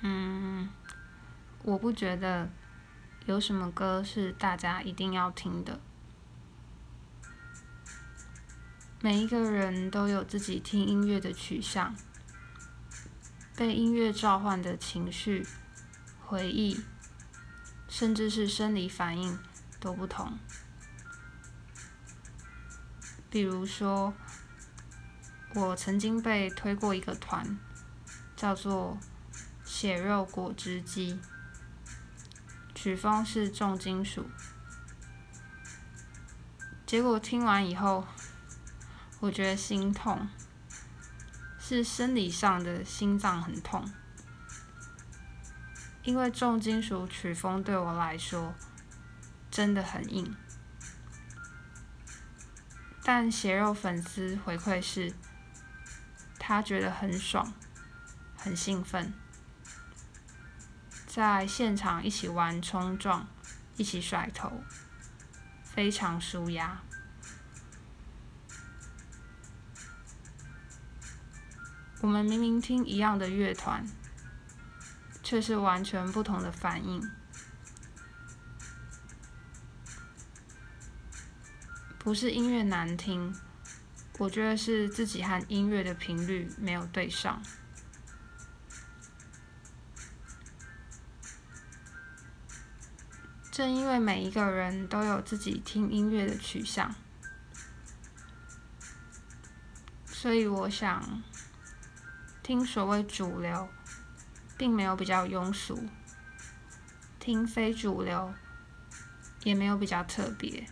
嗯，我不覺得有什麼歌是大家一定要聽的。每一個人都有自己聽音樂的取向，被音樂召喚的情緒、回憶，甚至是生理反應都不同。比如說，我曾經被推過一個團，叫做血肉果汁機，曲風是重金屬。結果聽完以後，我覺得心痛，是生理上的心臟很痛。因為重金屬曲風對我來說真的很硬。但血肉粉絲回饋是，他覺得很爽，很興奮。在現場一起玩衝撞，一起甩頭，非常舒壓。我們明明聽一樣的樂團，卻是完全不同的反應。不是音樂難聽，我覺得是自己和音樂的頻率沒有對上。正因為每一個人都有自己聽音樂的取向，所以我想聽所謂主流，並沒有比較庸俗；聽非主流，也沒有比較特別。